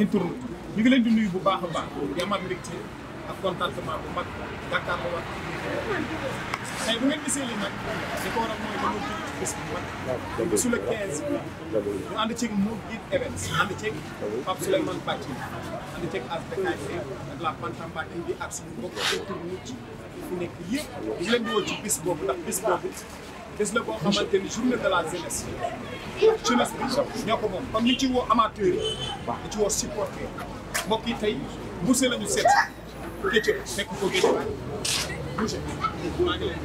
internaute ñu ngi leen di nuyu bu baax baax di amaat mbégte ak contentement bu mag Dakar la war tey bu ngeen gisee lii nag li ko waral mooy dañoo jël bés bu mag su le 15 ñu ànd ceeg Mo Guide Events ànd ceeg Pape Souleymane Bacci ànd ceeg as Bécaye Faye ak la Bantamba TV ak suñu mbokk internaute yi fi nekk yëpp ñu leen di woo ci bés boobu ndax bés boobu bés la boo xamante ni journée de la jeunesse jeunesse bi ñoo ko moom comme ni ci woo amateur yi di ci woo supporter mbokk yi tey Boucher la ñu seet Ketchup fekk ko Géej waay Boucher maa ngi leen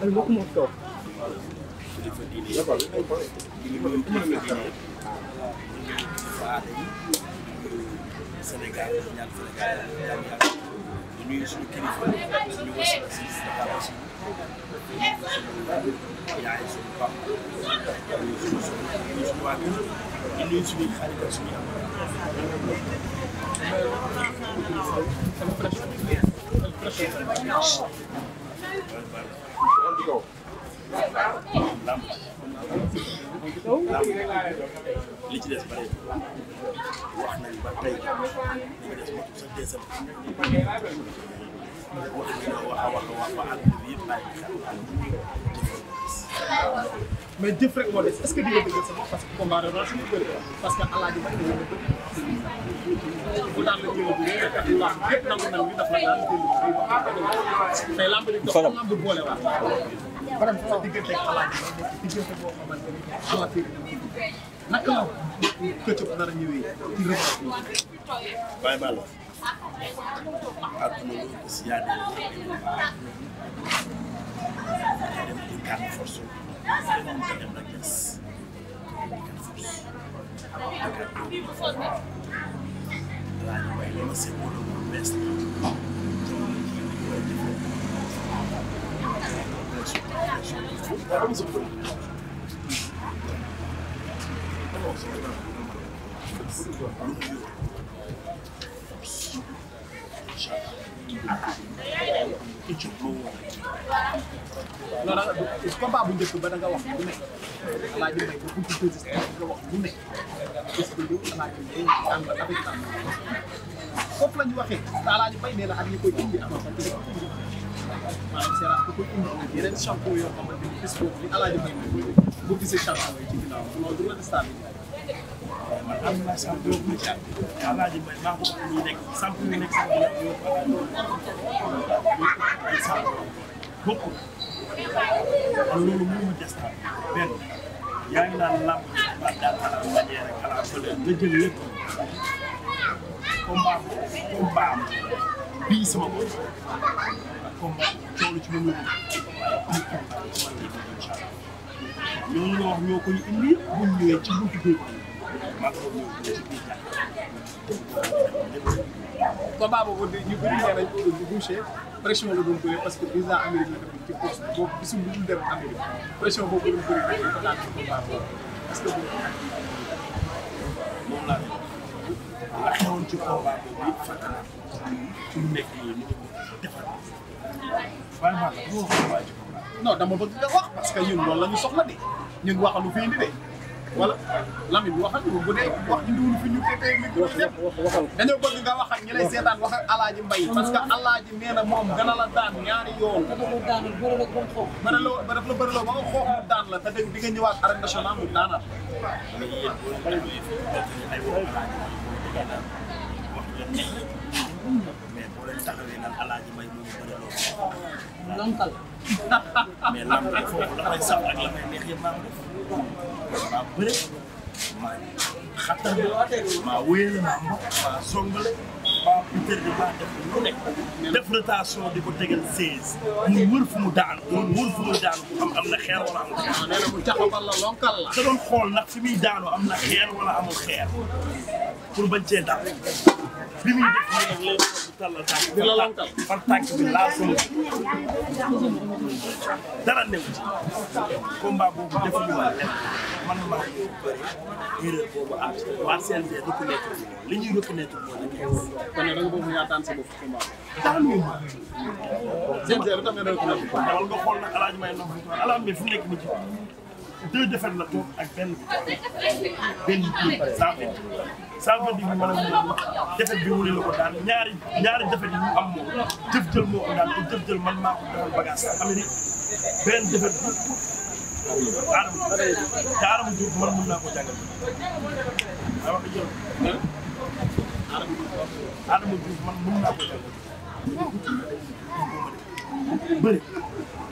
Allez, beaucoup mon corps. kilifa diine yëpp di nuyu kilifa diine yëpp di nuyu waa aada yi di nuyu Sénégal di ñaan Sénégal yàlla di nuyu suñu kilifa suñu wasi si Dakar aussi di nuyu suñu yaay suñu pap di nuyu suñu soxna di nuyu suñu waa kër di nuyu suñuy xarit ak suñuy am Thank you. làmb li ci des bare wax nañ ba tey li des motu sa deesam wax nañ wax a wax a wax ba àdduna bi yëpp bàyyi mais jëf rek moo des est-ce que di nga dëggal sama parce que combat de roche bëri parce que alaaji ba ñu bu daan la jëlee bu dee kat laax yëpp nangu na li daf la daan jëlee tey lamb li dox lamb boole waat faram sa diggante xalaat yi nekk diggante boo xamante ni xalaat yi naka la këccëg nar a ñëwee ci rëbb bàyyi baal àdduna loolu aussi yaa dem dem di kàr force nga dem la des kàr force Dakar loolu dafa laaj waaye li ma seetloo loolu bees la combat bu njëkk ba da nga wax bu nekk Alaaji Mbaye ba buntu président da nga wax bu nekk parce que yow Alaaji Mbaye am nga avec foofu la ñu waxee te Alaaji Mbaye nee na ak ñi koy maanaam Serap ku ko indi nag yeneen champion yoo xamante ni bis boobu li Alaaji may mooy boo gisee champion yi ci ginnaaw loolu du la déstabiliser. waaw man am naa champion bu ñu jàpp Alaaji may maa ko ñu nekk champion yi nekk champion yoo xamante ni champion bokkul loolu mënuma déstabiliser benn yaa ngi naan làmb man daal xanaa wàññee rek xanaa fële nga jël lépp combat combat bii sama bopp combat ci moom ñu ñëwee ci buntu bi maa ngi doon boobu di ñu bëri nee nañ parce que président Amérique la def ci poste dem Amérique pression boobu doon parce que boobu moom laa la xewoon ci combat boobu yëpp fàtte ci mu nekk nii waaye maa ngi lay wax non dama bëgg nga wax parce que ñun loolu la ñu soxla de ñun waxalu fi indi de wala Lamine waxal ñu bu dee wax indiwul fi ñu ko def dañoo bëgg nga wax ak ñi lay seetaan wax ak alaaji mbay parce que alaaji nee na moom gën a la daan ñaari yoon bëri loo ba def la bëri loo ba nga xoox mu daan la te di nga ñëwaat arène nationale mu daanaat lañ taxawee naan alaaji may moomu bëri loolu. lonkal. mais lamb bi foofu la may saf ak la may neex yëpp maa ko def maa bëri maa xattal maa wéyale maa mokk maa songale maa puter bi maa def lu nekk. def rotation di ko tegal 16. muy wër fu mu daanu. doon wër fu mu daanu am am na xeer wala amul xeer. waaw ah, nee na bu jaxabal la lonkal la. da doon xool ndax fi muy daanu am na xeer wala amul xeer pour bañ cee dal. bi muy def di la lantal far tànk bi laal ko dara new ci combat boobu defuñu ma def man maa ngi bëri erreur boobu am waa CNG reconnaître li ñuy reconnaître mooy la kon nag da nga boobu ñaataan sa bopp combat daanu ma CNG bi tax nga reconnaître dawal nga xool nag alaaj may nox alaaj bi fu nekk mu ci deux défaites la toog ak benn benn kii ça fait ça veut dire maanaam moom défaite bi wule la ko daan ñaari ñaari défaite yi mu am moom jëf jël moo ko daan te jëf jël man maa ko defal bagage benn défaite bi Adama Adama Diouf man mën naa ko jàngal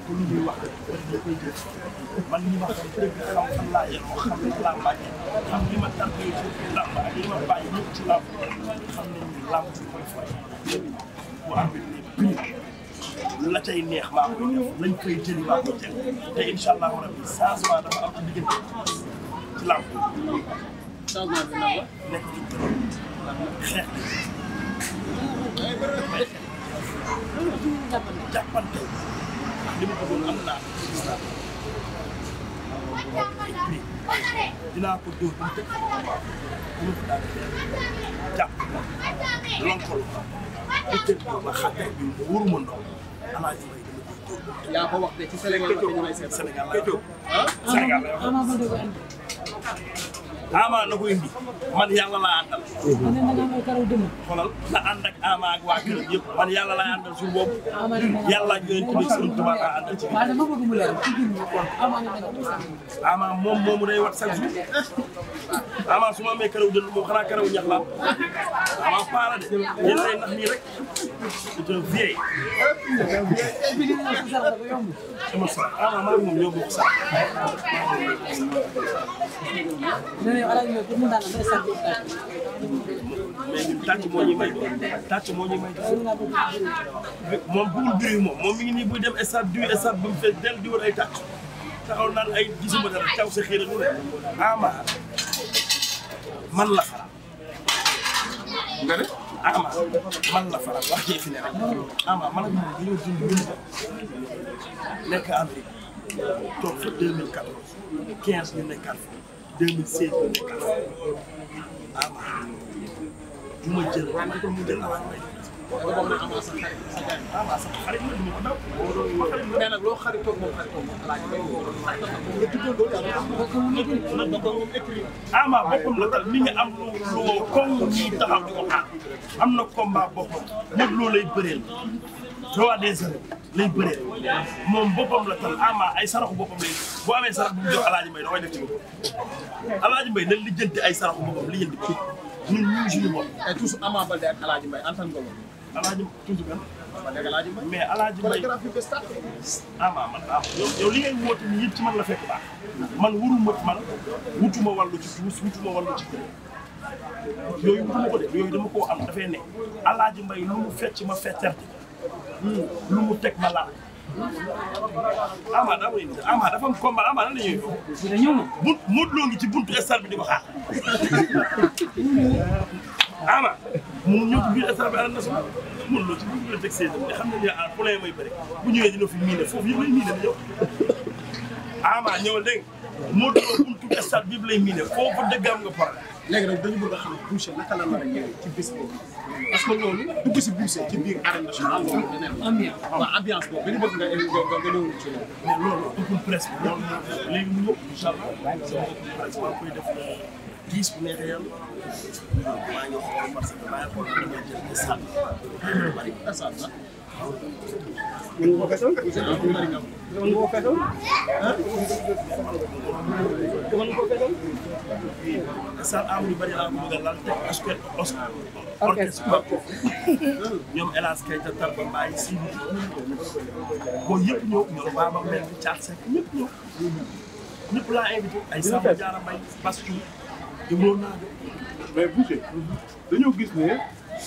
te li ñuy wax dañ koy jëf man li ma xam dëgg xam xam laa yem xam nañ làmb ji xam li ma tàmbali ci làmb ak li ma bàyyi ñëpp ci làmb xam nañ ni làmb si koy fay bu amee nii la cay neex maa koy def lañ koy jëli maa koy jël te incha allah rabbi changement dafa am ci diggante ci làmb changement bi nag la nekk ci xeex jàppante li ko gis naa ko. dinaa ko dóor ba mu tëdd ma daal jàpp ma lonkol ma bu tëdd ma bi ma wóoru ma ndox alaaji may dama koy dóor. yaa ama na ko man yàlla laa àndal. xoolal na ànd ak ama ak waa kër yëpp man yàlla laa àndal suuf boobu yàlla ak moom moomu day wax chaque jour ama su ma moom xanaa karaw ñax la ama paara moom ñoo bokk sax. mais ñun tàcc moo ñuy may moo ñuy moom bugul bruit moom moom mi ngi nii buy dem stade du stade bu mu fees del di wër ay tàcc taxaw naan ay gisuma dara caw sa xëy na mu ne ama man la faral nga ne ama man la faral wax jee fi ne rek ama man ak moom dañoo dund ñun nekk Amérique toog fa 2014 15 ñu nekkaat fa 2016 du ma jël waaye man mu jël alaay may. boo ko mën a amal sa xarit sa jaay ma. waaw sama xarit man du ma ko daw. mais nag loo xaritoon moom xaritoon moom alaay may woo ko. nga tuddee loolu yàlla na ko ko wóor na nga ko moom écrit. ama boppam la tal mi ngi am lu lu koŋ ñuy taxaw di ko xaar am na combat boppam ñëpp loo lay bëreel. roi des arènes lay bëree moom boppam la tal ama ah, ay saraxu boppam lay boo amee sarax bu mu jox alaaji mbay da koy def mbay nan li jënti ay saraxu boppam li jënti ñun ñun suñu bopp et toujours ama balde ak alaaji mbay en tant que alaaji toujours kan mais alaaji mbay ama ah, man a ah, yow li ngay woote ni yëpp ci man la fekk baax man wuruma man wutuma wàllu ci tuus wutuma wàllu ci yooyu wutuma ko de yooyu dama koo am dafee ne alaaji mbay lu mu fecc ma feccerte lu mu teg ma laal. Ama daa may indi Ama dafa am combat Ama ngi ci buntu stade bi di ko xaar. Ama mu ñëw ci biir stade bi Arène Nationale Modou Lo ci biir biir teg séeréer bi xam nañu ne ah poulain may bëri bu ñëwee dina fi miine foofu yëpp lay miine di ñëw Ama ñëwal dégg Modou Lo buntu stade bi lay miné foofu dëggaam nga pare. léegi nag dañu bëgg a xam Boucher naka la nar a ñëwee ci bés boobu parce que loolu dugg si Boucher ci biir arène nationale loolu beneen waaw ambiance boobu dañu bëgg nga nga nga ñëw ci loolu. mais loolu open presse bi loolu léegi mu ñëw incha allah sama open presse maa koy def euh, dix bu neexee yàlla maa ngi xool parce que maa ngi xool dama jël stade bi bari stade la Menunggu kesel? Menunggu bari laa ko bëgg a lal teg aspect Oscar. orchestre Bakko. ñoom El Hadj Keita Tarba Mbaye si yëpp ñëw ñoom Baba Mel Thiat Seck ñëpp ñëw. ñëpp laa invité ay Samba Diarra Mbaye parce que jëmloon naa mais Boucher dañoo gis ne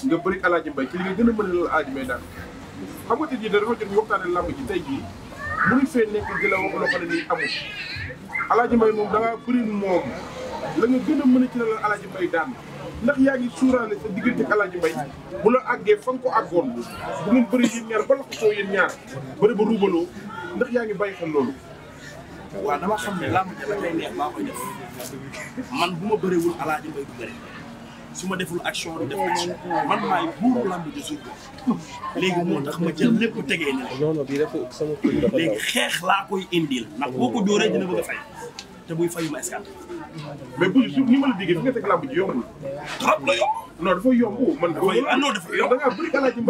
nga bëri Alaaji Mbaye ci nga gën a mën a Alaaji Mbaye daal. xam nga tey jii dafa jot ñu waxtaanee làmb ji tey jii mënuñ fee nekk di la wax loo xam nii amul alaaji moom da ngaa bëri moom la nga gën a mën a ci la alaaji mbay daan ndax yaa ngi suuraale sa diggante ak alaaji mbay bu la àggee fa nga ko àggoon bu ngeen bëri yéen ñaar ba la ko soo yéen ñaar bëri ba ruubaloo ndax yaa ngi bàyyi xel loolu waaw dama xam ne làmb ji la neex maa koy def man bu ma bëriwul alaaji mbay du su ma deful action du def action man maay buuru làmb ji suuf léegi moo tax ma jël lépp tegee ne la. non non bii dafa sama kër dafa léegi xeex laa koy indil. ndax boo ko dóoree dina bëgg a te buy fay ma escadre. mais bu ni ma la déggee fi nga teg làmb ji yombul. trop la yomb. non dafa yomb oh, man. dafa yomb ah, non dafa yomb. da ma ñëpp.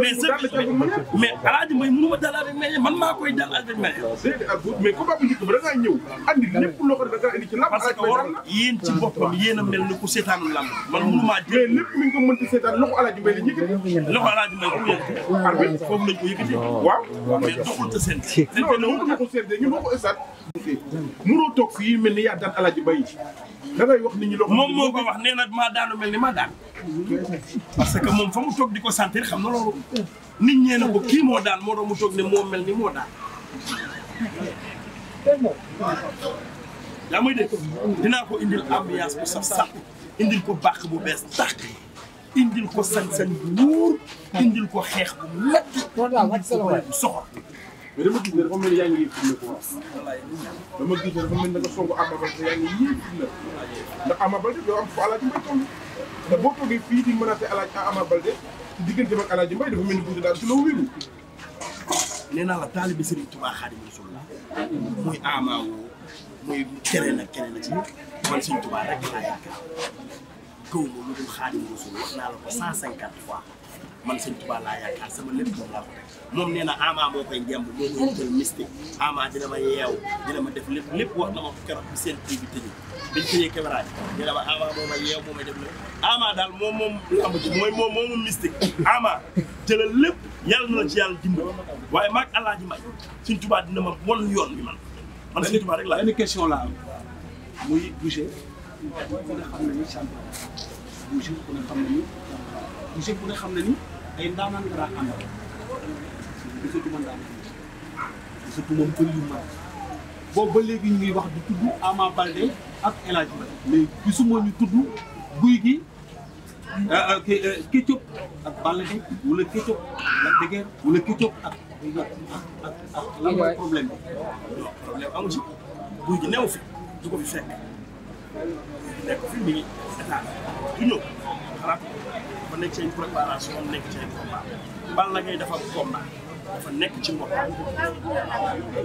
mais alaaji mbay ma dalal rek mais man maa koy dalal ah, a mel ni ku seetaanu lamb. man mënu maa jël mais lépp mi ngi ko mënti seetaan loxo alaaji mbay la ñu yëkkati. loxo alaaji mbay ku yëkkati. arbitre foofu lañ ko mu toog fii mel ni yaa daan alaaji mbay da ngay wax nit moom moo ko wax nee na maa daanu mel ni ma daan parce que moom fa mu toog di ko sentir xam na loolu nit ñee na ko moo daan moo doon mu toog ne moo mel ni moo daan yaa may dégg dinaa ko indil ambiance bu saf sàpp indil ko bàq bu bees tàq indil ko sañ-sañ bu wóor indil ko xeex bu métti bu soxor mais dama gis ne dafa mel ni yaa ngi yëg dama gis ne dafa mel ni nga songu Ama Baldé yaa ngi yëg firnde ndax Ama Baldé doo am fu Alaaji Mbay toll te boo toogee fii di menacé Alaaji ah Ama Baldé ci la taalibe Sëriñ Tuubaa Xaadimu Rasuul la muy Ama woo muy ci man Sëriñ Tuubaa rek laa yaakaar kaw ma lu dul Xaadimu Rasuul wax naa la ko cent cinquante fois man sëñ Tuubaa laa yaakaar sama lépp moom laa ko nee na Ama moo koy ngemb moo koy jël mystique Ama dina ma yeew dina ma def lépp lépp wax na ma ko keroog bi seen kii bi tëjee biñ tëjee caméra bi dina ma Ama moo ma yeew moo may def lépp Ama daal moom moom lamb moom moomu mystique Ama jëlal lépp yàlla na la ci yàlla dimbali waaye maag Alaaji May sëñ dina ma won yoon bi man man sëñ Tuubaa rek laa question la am monsieur ku ne xam na ni ay ndaanaan nga daan àndal gisatu ma ndaanaan gisatu boobu ba léegi ñuy wax di tudd Ama Baldé ak El Hadj mais gisuma ñu tudd guy gi euh, euh, euh, Ketchup ak Balla Gaye wala Ketchup ak Degueur wala Ketchup ak ak ak problème bi. problème guy gi néew fi du ko fi fekk nekk fi mu ngi état xalaat dafa nekk ci préparation nekk ci combat Balla Gaye nekk ci boppam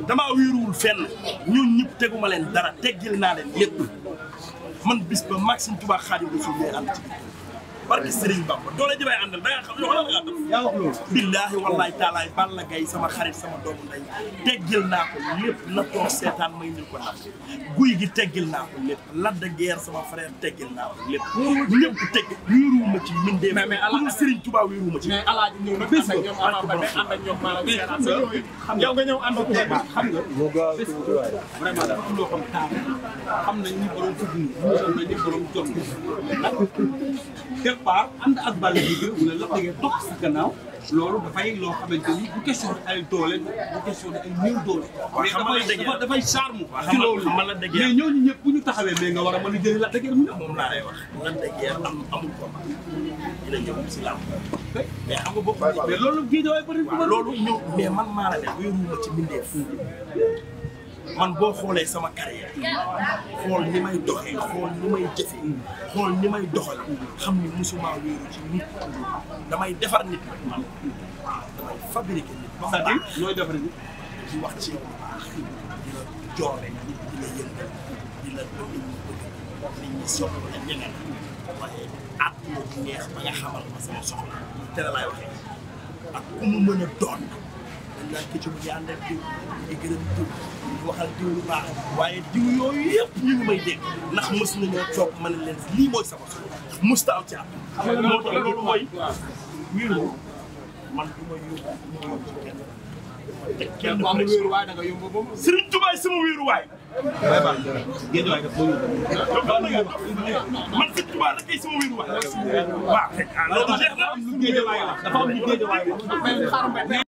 damaa fenn ñun ñëpp teguma leen dara teggil naa leen lépp man bis ba Maxime Touba Xaadim Rasul ngay ànd ci barki Serigne Bamba doole ji may àndal da nga xam yow lan nga def. yaa wax loolu. billaahi wallaahi taalaay Balla Gaye sama xarit sama doomu ndey teggil naa ko lépp na toog seetaan may ñu ko nax guy gi teggil naa ko lépp Lac de Guiers sama frère teggil naa ko lépp. lépp ma wéeruwuma ci mindee. mais mais ala Serigne Touba wéeruwuma ci. mais alaaji ñëw nag ànd ak ñoom ànd ak ñoom maanaam seetaan sa yow nga ñëw ànd ak ñoom xam nga. mu gaaw tuuti waay vraiment dafa am loo xam taal xam quelque part ànd ak Balla Gaye a Lac gannaaw loolu dafay loo xamante ni bu question ne ay doole bu question ne ay néew doole. mais dafay dafay charme. ci loolu mais ñooñu ñëpp bu ñu taxawee mais nga war a mën a jëli Lac de Guiers mu ñëw. moom laa lay wax Lac de Guiers am amul combat dina ñëw si làmb. mais xam nga bokkul mais loolu gii dafay bëri. waaw loolu ñëw mais man maa la ne ma ci mbindeef. man boo xoolee sama carrière xool ni may xool ni may jëfe xool ni may doxal xam ni musuma wéeru ci nit damay defar nit man damay fabriqué nit ba mu baax ñooy defar nit neex ba nga xamal ma sama soxla te la laay waxee ak ku mu mën a doon naan ki ci mu ngi ànd ak diw mu ngi gërëm diw mu ngi waxal diw lu baax waaye diw yooyu yëpp ñu ngi may dégg ndax mës nañoo toog ma ne leen lii mooy sama soxla mësta am ci at moo tax loolu mooy wéeru man du ma yóbbu du ma yóbbu ci kenn te kenn ku nekk wéeruwaay da nga yomb ba mu Serigne Touba sama wéeruwaay waaye baax géej waay daf boobu man Serigne Touba la kay sama wéeruwaay waaw teg ah loolu jeex na dafa am lu géej waay wax dafa am lu géej waay wax